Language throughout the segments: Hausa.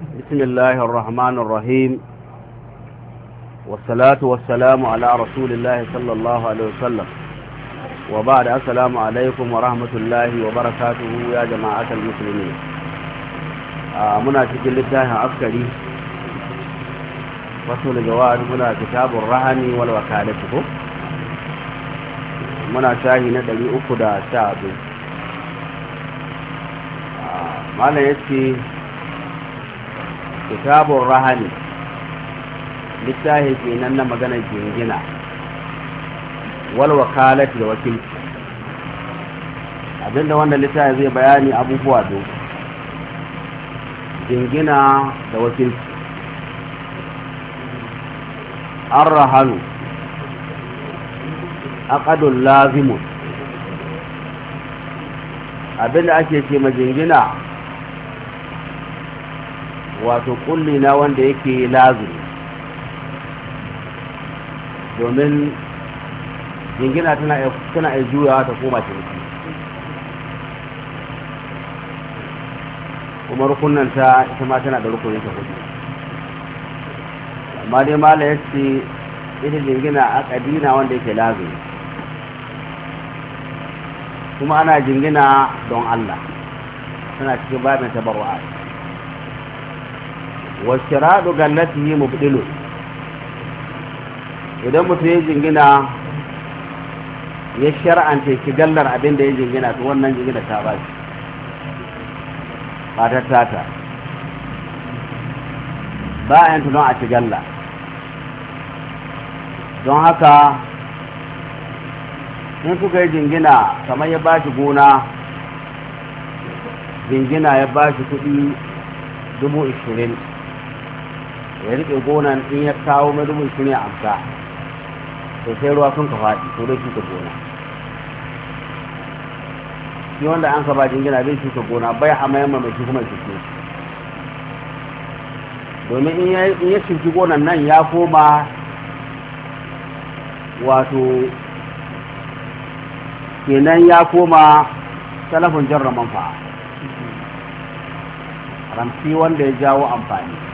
بسم الله الرحمن الرحيم والصلاة والسلام على رسول الله صلى الله عليه وسلم وبعد السلام عليكم ورحمة الله وبركاته يا جماعة المسلمين آه، منا منافق لله عسكري رسول جواد منا كتاب الرهن والوكالة منا شاهنا دليل أكدا شعب آه، ما معنى يتكي kitabun rahani littafi kenan na maganar jingina wal wakalati da wakilci abinda wanda littafi zai bayani abubuwa do jingina da wakilci an rahanu aqadun lazimun abinda ake ce ma jingina. wato kulli na wanda yake lazu domin jingina tana iya juyawa ta koma ciniki kuma ta ita ma tana da rukunin ta hudu amma dai mala ya ita jingina a kadina wanda yake lazu kuma ana jingina don Allah tana cikin babin tabarwa'ar wasiradu gannatihi mubdilu idan mutum ya jingina ya shar'anta ki gallar abin da ya jingina to wannan jingina ta ba shi matar tata ba a yanta don a ci galla don haka in suka yi jingina kamar ya ba shi gona jingina ya ba shi kuɗi dubu ishirin ya riƙe gonan in ya kawo madubin shi ne amsa to sai ruwa sun ka faɗi to dai shuka gona shi wanda an ka ba jingina zai shuka gona bai hamayen mai shi kuma shuke shi domin in ya shuki gonan nan ya koma wato kenan ya koma salafin jarra manfa ramsi wanda ya jawo amfani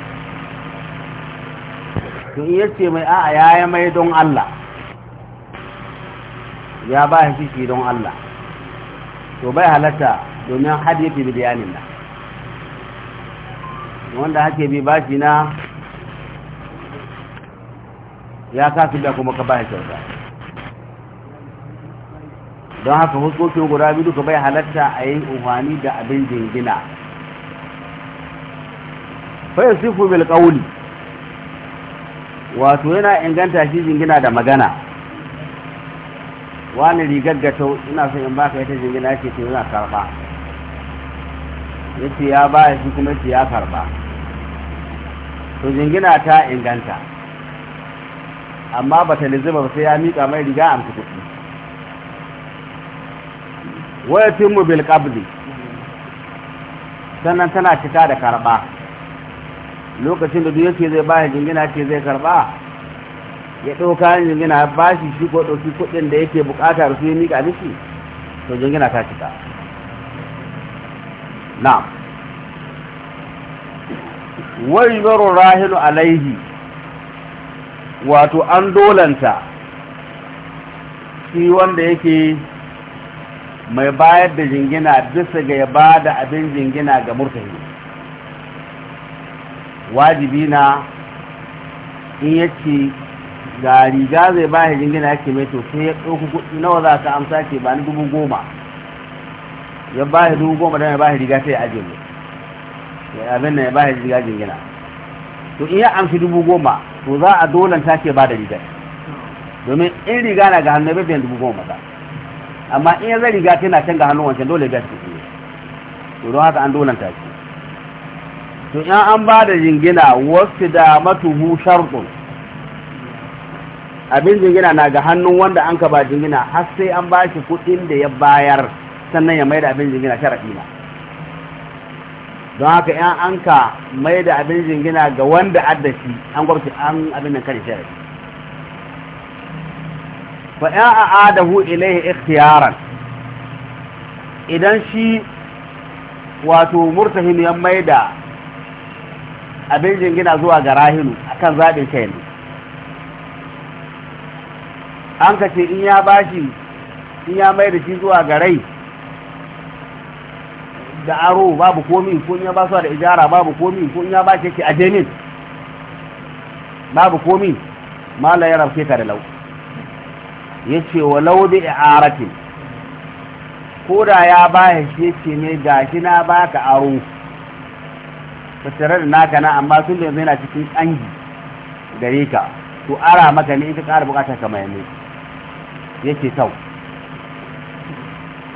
to iya ce mai a'a ya yi mai don Allah ya ba ya shi don Allah to bai halatta domin yake bi bayanin da wanda hake bi bashi na ya kasu da kuma ka bashi kyauta don haka huskokin guda biyu duka bai halatta a yi umarni da abin jingina fa yasifu bil qawli wato yana inganta shi jingina da magana wani rigar gato ina son in baka ita jingina ce ce yana karba ce ya baya shi kuma ce ya karba to jingina ta inganta amma ba ta lizima ba sai ya miƙa mai riga amsa kuɗi wayatin mu bil sannan tana cika da karba lokacin da duk yake zai ba jingina ce zai karba ya ɗauka jingina ba shi shi ko ɗauki kuɗin da yake bukata su yi miƙa miki to jingina ta cika na wai baro rahilu alaihi wato an dolanta shi wanda yake mai bayar da jingina bisa ga ya ba da abin jingina ga murtahi wajibi na in yake ga riga zai ba shi jingina yake mai to sai ya ɗauki kuɗi nawa za ka amsa ke ba ni dubu goma ya ba shi dubu goma don ya ba shi riga sai ya ajiye mu ya abin nan ya ba shi riga jingina to in ya amshi dubu goma to za a dolanta ke ba da riga domin in riga na ga hannu bai dubu goma ba amma in ya zai riga tana can ga hannu wancan dole ya biya su kuɗi to don haka an dolanta ce tun an ba da jingina wasu da matuhu sharɗin abin jingina na ga hannun wanda an ka ba jingina har sai an ba shi kuɗin da ya bayar sannan ya mai da abin jingina sharaɗi na don haka yan an ka mai da abin jingina ga wanda addashi an gwamci an abin nan kan sharaɗi fa yan a adahu ilaihi ikhtiyaran idan shi wato murtahin ya mai da abin jingina zuwa ga rahinu akan zaɓin kai ne an ka ce in ya bashi in ya mai da shi zuwa ga rai da aro babu komi ko in ya ba su da ijara babu komi ko in ya ba shi yake ajemin babu komi mala ya rafke ka da lau ya ce wa lau bi i'aratin ko da ya ba shi ce ne shi na ka aro tattare da naka na amma tun da yanzu yana cikin ƙangi gare ka to ara maka ne ita ƙara bukata ka mai yake sau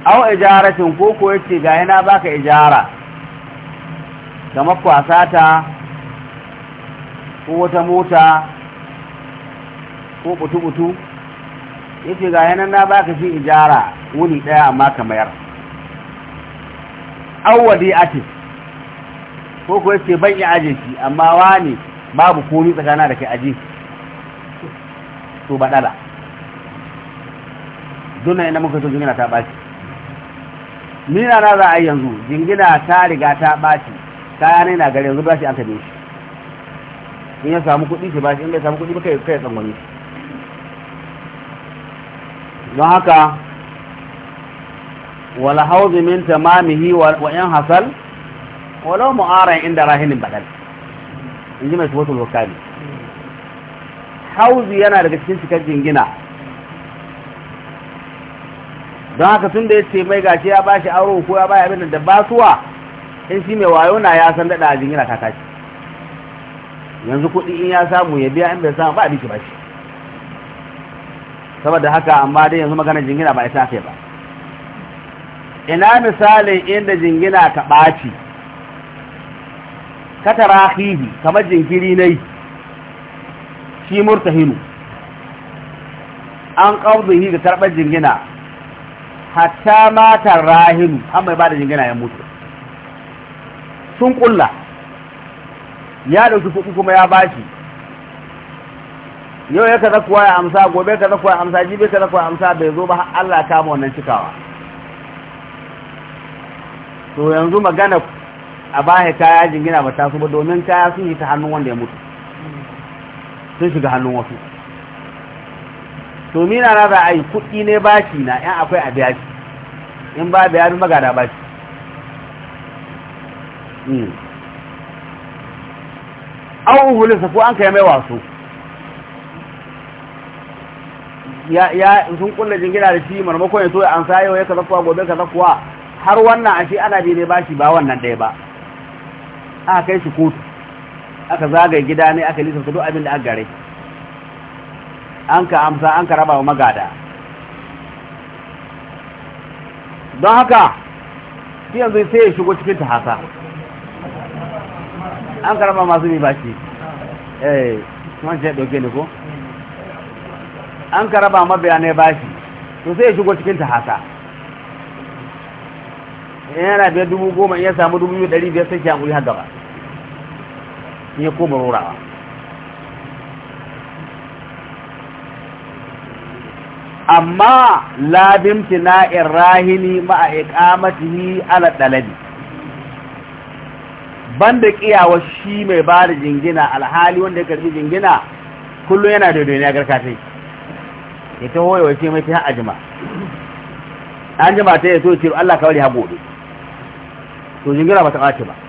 au ijaratin ko ko yace ga yana baka ijara kamar kwasa ta ko wata mota ko butu-butu yace ga yana na baka shi ijara wuni daya amma ka mayar awwadi atis ko kuwa yace ban iya aje amma wani babu komi tsakana da kai aje to ba dala duna ina muka so jingina ta baci mina na za a yanzu jingina ta riga ta baci kaya ne na gare yanzu ba shi an tabe shi in ya samu kuɗi shi ba shi in bai samu kuɗi ba kai kai tsangwani don haka wala hauzi min tamamihi wa in hasal walau mu'aran inda rahinin badal in ji mai suwatul wakali hauzi yana daga cikin cikar jingina don haka tun da ya ce mai gashi ya bashi aro ko ya bashi abin da basuwa in shi mai wayo na ya san daɗa a jingina ta tashi yanzu kuɗi in ya samu ya biya in bai samu ba a biki bashi saboda haka amma dai yanzu magana jingina ba ita ce ba ina misalin inda jingina ka ɓaci katara hihi kamar jinkiri yi shi murta hinu an yi ga karɓar jingina hatta matar rahinu an mai ba da jingina ya mutu sun ƙulla ya ɗauki kuɗi kuma ya bashi yau ya kaza kuwa ya amsa gobe ya kaza kuwa ya amsa jibe kaza kuwa ya amsa bai zo ba Allah kama wannan cikawa to yanzu magana a baya kaya jingina ba ta su ba domin kaya sun yi ta hannun wanda ya mutu sun shiga hannun wasu to mina na za a yi kuɗi ne shi na yan akwai a biya shi in ba biya magada bashi hmm. an uhulinsa ko an kai mai wasu ya sun kulle jingina da shi marmakon ya so ya an sayo ya kaza kuwa gobe kaza kuwa har wannan ashe ana bi ne bashi ba wannan ɗaya ba aka kai shi kotu aka zagaye gida ne aka lisa su duk abin da aka gare an ka amsa an ka raba wa magada don haka shi yanzu sai ya shigo cikin haka. an ka raba masu mai baki eh kuma shi ya ne ko an ka raba mabiya ne bashi to sai ya shigo cikin tahasa yana biyar dubu goma iya samu dubu biyu ɗari biyar sai shi kuri har gaba ya koma rurawa amma labin tina'in rahini ma'a ni ala dalabi banda kiyawa shi mai ba da jingina alhali wanda ya karbi jingina kullum yana da duniya garkatai ya ta hoyo ce mai ta ajima an jima ta yaso ce Allah ka bari ha gobe to jingina ba ta ba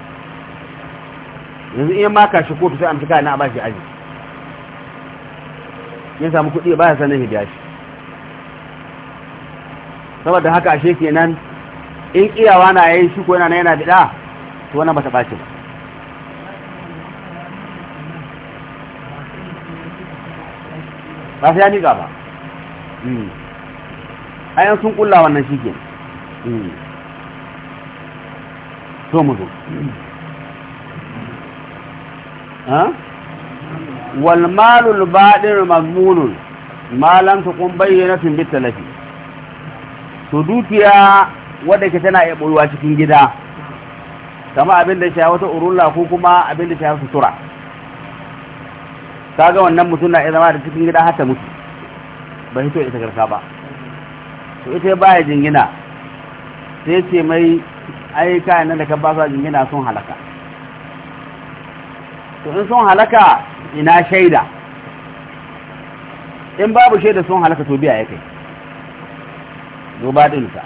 yanzu iya maka shi kotu sai amfika na ba shi aji ya samu kuɗi ba ya sanin hibiya shi saboda haka ashe kenan in iyawa na yayi shi ko yana yana bida to wannan ba ta ɓaci ba ba sai ya miƙa ba hmm. ayan sun ƙulla wannan shi ke hmm. to mu zo wal malul badir mazmunun ma lam takun bayyinatun bit talafi to dukiya wadda tana iya boyuwa cikin gida kama abin da shafi wata urulla ko kuma abin da shafi sutura kaga wannan mutum na iya zama da cikin gida har ta mutu ba hito ita garka ba to ita baya jingina sai ce mai ayyuka nan da ka ba su jingina sun halaka to in sun halaka ina shaida in babu shaida sun halaka to biya ya kai duba dinsa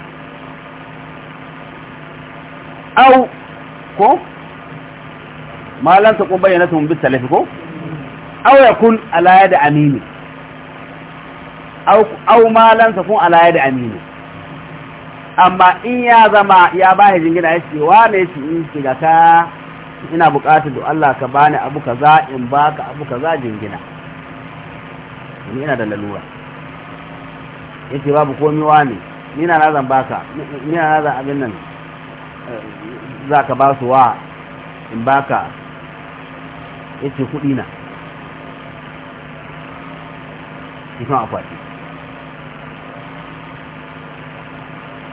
au ko malanta ta kun bayyana sun bi salafi ko au ya kun alaya da amini au au malan kun alaya da amini amma in ya zama ya ba hijin gina ya ce wa ne shi in shiga ta ina buƙatar da Allah ka bani abu kaza in baka abu kaza jingina ni ina da lalura yace babu komai wani ni na nazan baka ni na zan abin nan eh, za ka ba su wa in baka yace kudi na cikin akwati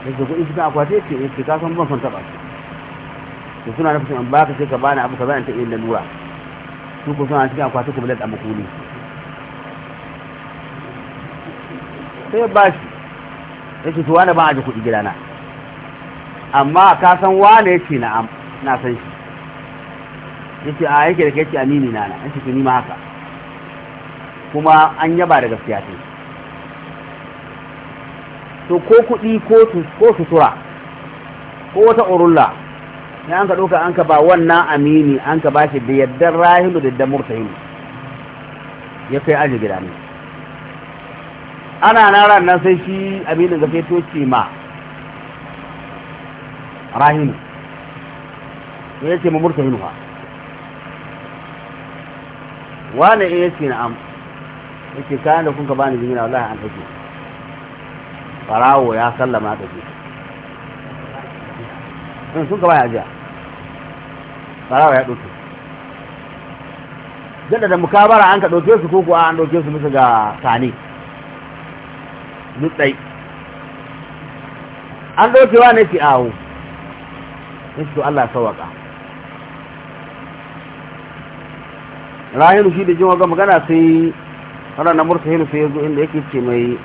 yace kuɗi cikin akwati yace yace ka san ban fanta taɓa shi to suna nufin an baka sai ka bani abu kaza ta irin lalura su ku suna cikin akwatin ku bilad a makuli sai ba shi yake to wani ba a ji kuɗi gidana amma ka san wane yake na na san shi ce a yake da kake amini na na yake to ni ma haka kuma an yaba da gaskiya ce to ko kuɗi ko sutura ko wata urulla ya an ka ɗauka an ka ba wannan amini an ka ba shi da yardar rahilu da murtahilu ya kai aji gida ne ana na ran nan sai shi aminin ga feto ce ma rahilu ya ce ma murtahilu ha wane eh ya ce na am ya ce kayan da kun ka bani jimina wallahi an ɗauke farawo ya sallama ɗauke in sun gaba ya ajiya wa ya ɗauke jadda da mukabara an ka ɗauke su koko an ɗauke su musu ga sani nutsai an ɗaukewa ne fi awo in su Allah sawaka rahinu shi da jin waga magana sai ranar murtahilu sai ya zo inda yake ce mai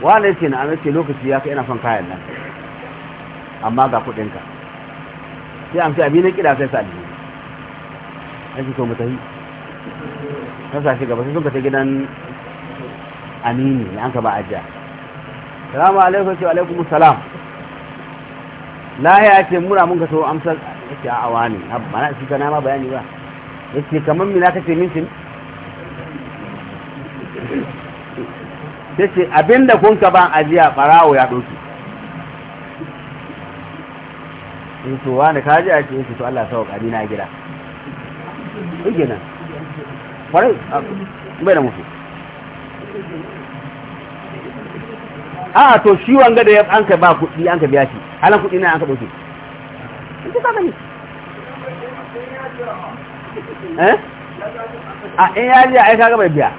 wane ce na amince lokaci ya ka ina son kayan nan amma ga kudinka sai abi abin kida sai sa aljihu ake so mu tafi ta sashi gaba sai sun fita gidan amini an ka ba ajiya salamu alaikum wa alaikum salam lahiya ce mura mun ka so amsar yake a awani ba na shi kana ma bayani ba yake kamar mina kace mintin yake abinda kun ka ban ajiya barawo ya doki in eh, to wani kaji a ce su Allah sa ƙari na gida ike nan kwarai bai da mutu a to shi wanga da ya an ka ba kuɗi an ka biya shi halin kuɗi na an ka ɗauke in ka sami eh a in yaji a aika ga bai biya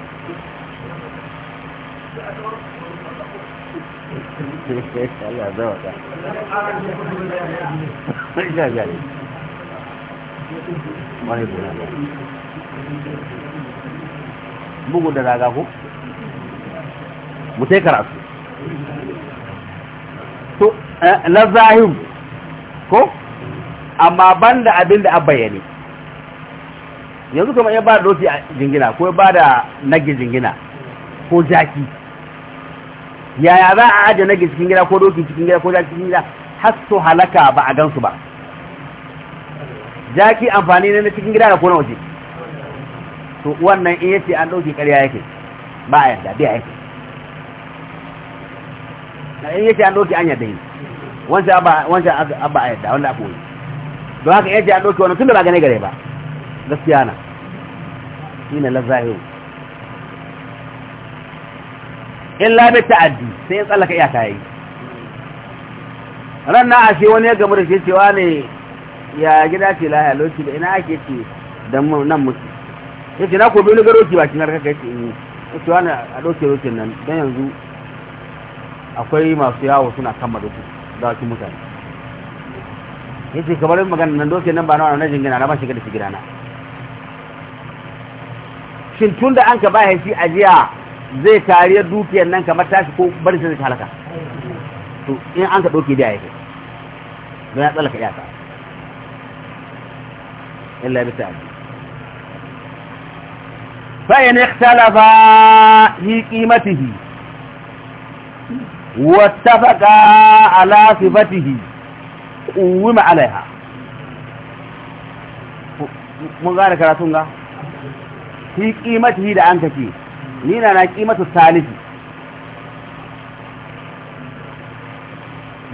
bugu da raga ko mu sai karatu to eh, na zahim ko amma banda abin da bayyane yanzu kuma ya ba da doki a jingina ko ya ba da nage jingina ko jaki yaya za a ajiye nage cikin gida ko doki cikin gida ko jaki cikin gida har su halaka ba a gansu ba jaki amfani ne na cikin gida da ko na waje to wannan in yace an dauke ƙarya yake ba a yarda biya yake na in yace an dauke an yarda yi wancan abba wancan abba a yarda wanda akwai don haka yace an dauke wannan da ba gane gare ba gaskiya na ina lazzahiru In bi ta'addi sai ya tsallaka iyaka yayi ran na ashe wani ya gamu da shi cewa ne ya gida ce lahiya lokaci da ina ake ce dan nan ya ce na ko bi ga ba shi narka kai eh. ce ni yace wani a doke rokin nan dan yanzu akwai masu yawo suna kama doki da wasu mutane yace kamar magana nan doke nan ba na wannan jingina na ba shiga da shi gidana shin tunda an ka ba shi ajiya zai kariya dukiyar nan kamar tashi ko barin sai zai halaka to in an ka ɗauke biya yake kai don ya tsallaka iyaka illa bi ta'ala fa in ikhtalafa fi qimatihi wa ittafaqa ala sifatihi uwima alaiha mun gane karatun ga fi qimatihi da an kace ni na na kimatu salisi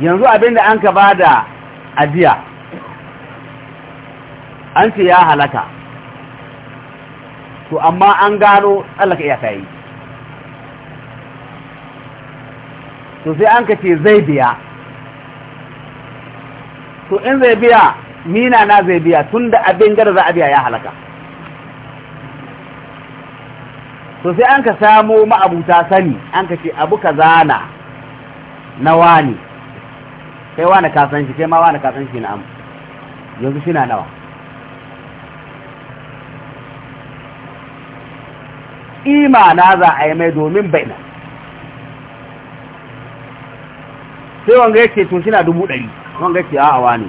yanzu abinda an ka bada ajiya an ce ya halaka to amma an gano tsallaka iyaka yi to sai an ka ce zai biya to in zai biya mina na zai biya tun da abin gada za a biya ya halaka to sai an ka samo ma'abuta sani an ka ce abu ka zana na wani kai wani kasan shi kai ma wani kasan shi na amu yanzu shi na nawa imana za a yi mai domin baina sai wanga ya ce to shi na dubu ɗari wanga ya ce a wani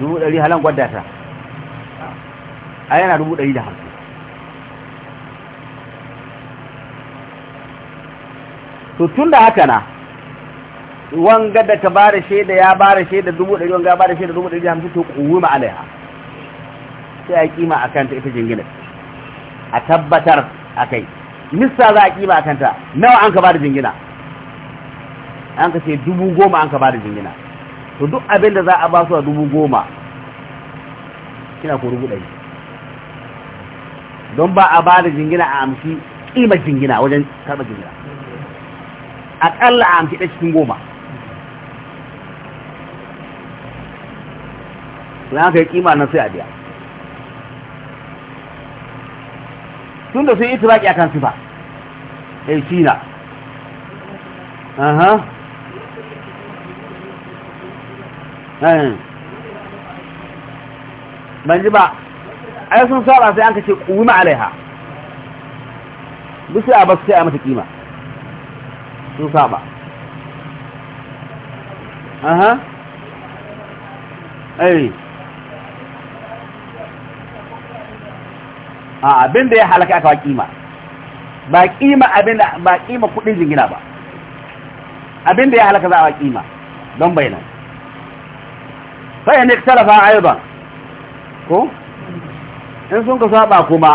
dubu ɗari halan gwadata a yana dubu ɗari da hamsin to tun da haka na wanga da ka ba da shaida ya ba da shaida dubu ɗari wanga ya ba da shaida dubu ɗari da hamsin to ƙuwi ma'alaiha sai a kima a kanta ita jingina a tabbatar a kai nissa za a kima a kanta nawa an ka ba da jingina an ka ce dubu goma an ka ba da jingina to duk abin da za a ba su a dubu goma kina ko dubu ɗari don ba a bada jingina a amshi ƙimar jingina wajen karɓa jingina aƙalla a amshi ɗaya cikin goma na haka yi ƙima nan sai a biya tun da sun yi turaki akan sifa eh shi na aha eh. ban ji ba ai sun saba sai an kace kuma alaiha bisa ba su sai a mata kima sun saba aha ai a abin da ya halaka aka kima ba kima abin ba kima kudin jingina ba abin da ya halaka za a kima don bayanan fa in ikhtalafa aidan ko in sun ka saba kuma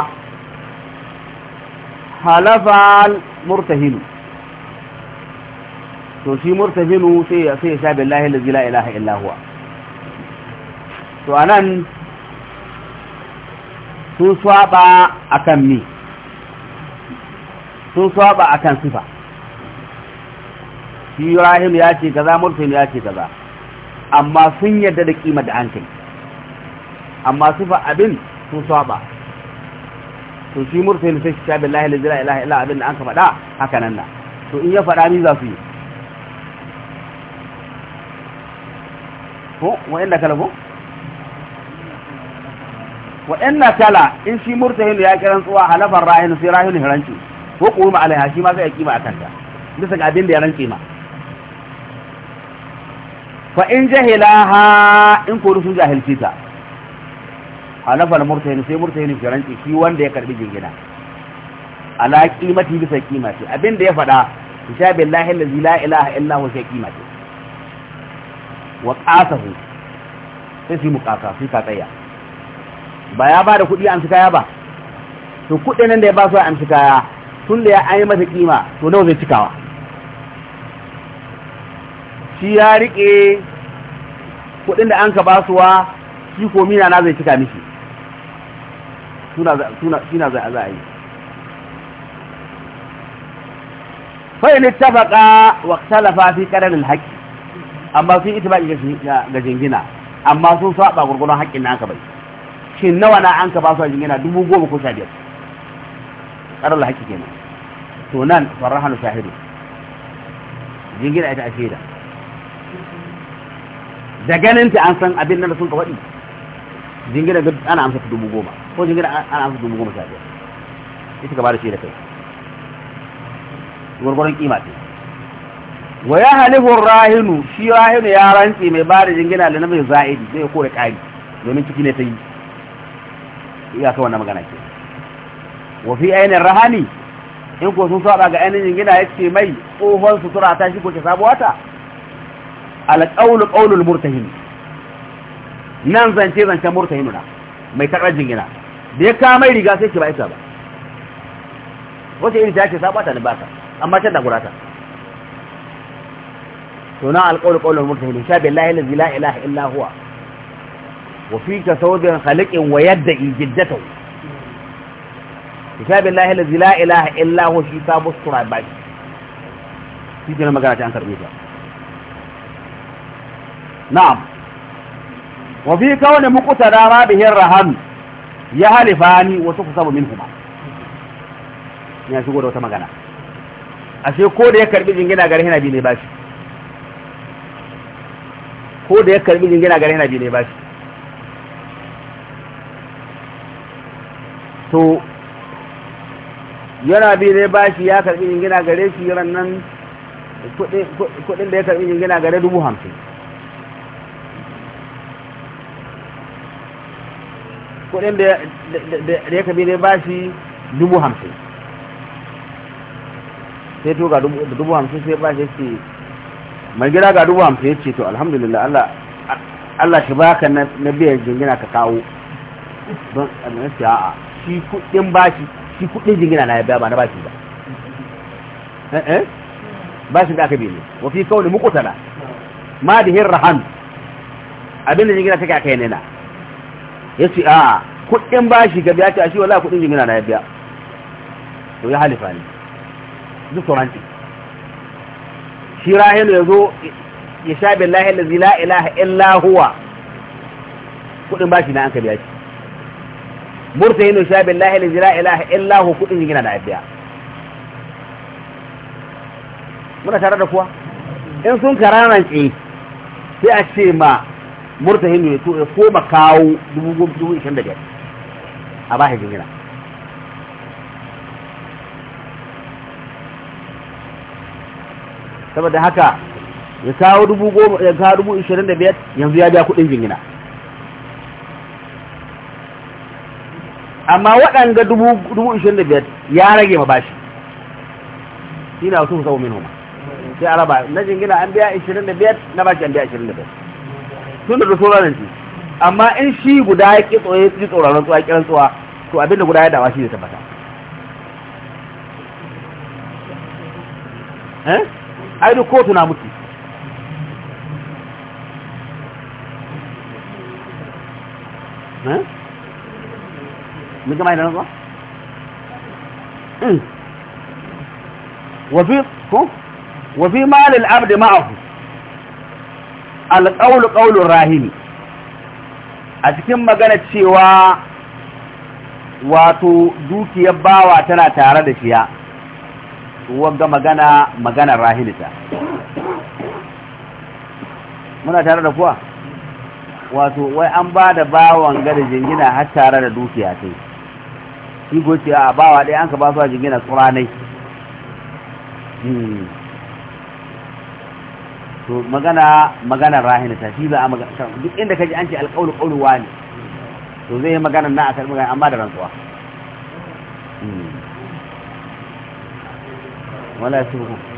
halafal murtahinu to shi murtahinu sai ya sai ya sha billahi allazi la ilaha illa huwa to anan sun saba kan mi sun saba kan sifa shi rahim ya ce kaza murtahinu ya ce kaza amma sun yadda da kima da an amma sifa abin sun saba to shi mursalin sai shi billahi la ilaha illa Allah abin da an ka faɗa haka nan na to in ya faɗa ni za su yi ko wa'anda kala ko wa'anda kala in shi da ya kiran tsuwa halafar rahin sai rahin hiranci ko kuma alaiha shi ma sai ya kima akan ta bisa ga abin da ya ranke ma fa in jahilaha in ko sun jahilci ta halafal murtahin sai murtahin firanci shi wanda ya karbi jingina ala kimati bisa qimati abinda ya fada insha billahi allazi la ilaha illa huwa sai kimati wa qasahu sai shi muqasa sai ka tsaya ba ya bada kudi an kaya ba to kudin nan da ya ba su an kaya tun da ya ayi masa kima to nawa zai cikawa shi ya rike kudin da an ka suwa shi ko mina na zai cika miki suna za a yi fa'in ittafaqa wa ikhtalafa fi qarar al-haqq amma sun ittifaqi ga jingina amma sun saba gurgurun haƙƙin ka bai shin nawa na an ka ba su jingina dubu goma ko sha biyar qarar al-haqq kenan to nan farahanu shahidu jingina ita a shaida da ganin ta an san abin nan da sun ka faɗi jingina ana amsa dubu goma ko jingina ana amsa dubu goma sha biyar ita ka ba da shi da kai gwargwaron kima ce wa ya halifun rahinu shi rahinu ya rantse mai ba da jingina da na mai za'idi zai kore kari domin ciki ne ta yi iya ka na magana ke wa fi ainihin rahani in ko sun saba ga ainihin jingina ya ce mai tsohon sutura ta shi ko sabuwa ta alƙaunu ƙaunul murtahin nan zance zancen na mai karɓar jingina da ya kama riga sai shi ba isa ba wace iri ta ce sabata ni baka amma can da gurata to na alƙawar ƙaunar murtahidin sha billahi lazi la ilaha illa huwa wa fi ka saurin halikin wa yadda ijiddata sha billahi lazi la ilaha illa huwa shi sabu sura ba shi shi ke na magana ta an karɓe ta na'am wa fi kawai mukuta dama bihin rahami ya halifa ni wasu ku sabu min kuma ya shigo da wata magana A ce ko da ya karbi jingina gare yana bi ne bashi ko da ya karbi jingina gare yana bi ne bashi to yana bi ne bashi ya karbi jingina gare shi ran nan kudin da ya karbi jingina gare dubu hamsin kudin da ya kabi ne ba shi dubu hamsin sai to ga dubu hamsin sai ba shi ce mai gida ga dubu hamsin ya ce to alhamdulillah Allah Allah shi baka na biyan jingina ka kawo don annan shi a'a shi kudin bashi shi kudin jingina na ya biya ba na bashi ba eh, eh? ba shi da aka biyu ne wa da kawli muqtala ma dihin rahan abin da jingina take aka yi ne ya ce a kuɗin bashi ga biya ta shi wala kuɗin jimina na ya biya to ya halifa ne duk sauranci shi rahilu ya zo ya sha billahi lazi la ilaha illa huwa kuɗin bashi na an ka biya shi murta yin sha billahi lazi la ilaha illa huwa kuɗin jimina na ya biya muna tare da kuwa in sun karanance sai a ce ma murtahin ya to ya koma kawo dubu goma dubu ishirin da biyar a ba jingina saboda haka ya kawo dubu goma ya kawo dubu ishirin da biyar yanzu ya biya kuɗin jingina amma waɗanga dubu ishirin da biyar ya rage ma bashi shi na wasu sau min homa sai a raba na jingina an biya ishirin da biyar na bashi an biya ishirin da biyar tun da sauran shi amma in shi guda ya ki tsoye ji tsoron tsuwa kiran tsuwa to abin da guda ya dawa shi da tabbata eh ai duk kotu na mutu eh mun ga mai nan ba hmm. wafi ko wafi malil abdi ma'ahu alƙaulu ƙaulun rahimi a cikin magana cewa wato dukiyar bawa tana tare da shiya wanga magana maganar rahilita muna tare da kuwa wato wai an ba da bawan gada jingina har tare da dukiya ta yi shi goce a bawa ɗaya an ka ba su a jingina tsuranai hmm. to magana magana rahina ta shi ba a magana duk inda kaji an ce alƙawlu qawlu ne to zai magana na a karɓi amma da rantsuwa hmm. wala yasbuhu